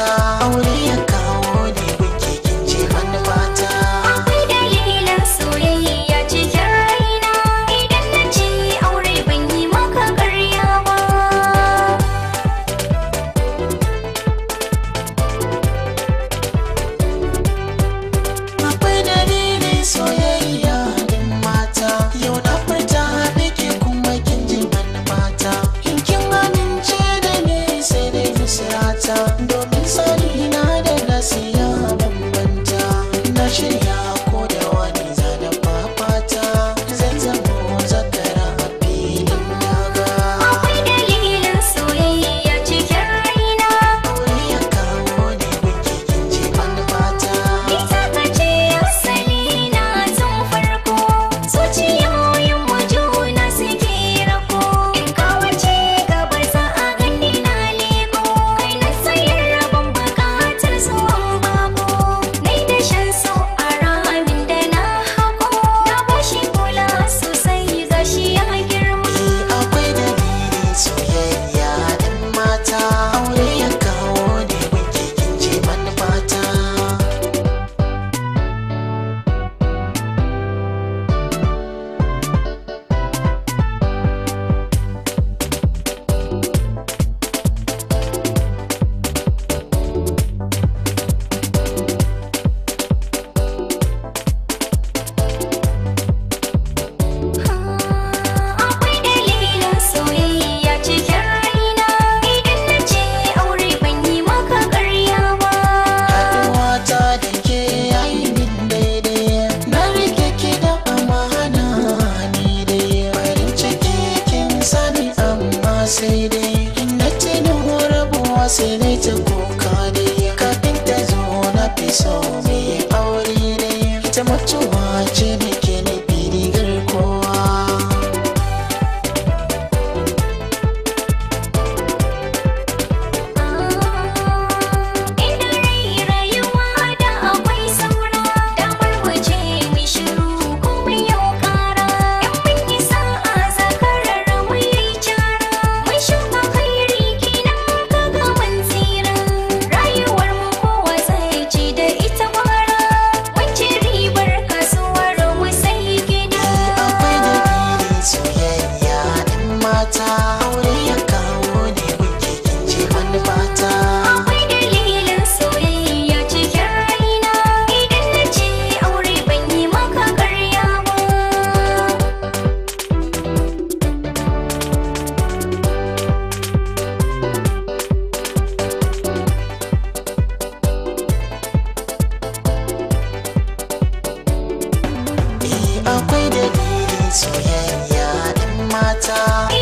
sa aure sai dai in na ce da rabuwa sai dai ta kuka dai kafin ta zo na fi so mai aure dai ta mutuwa ce akwai dalilin soyayya ɗan mata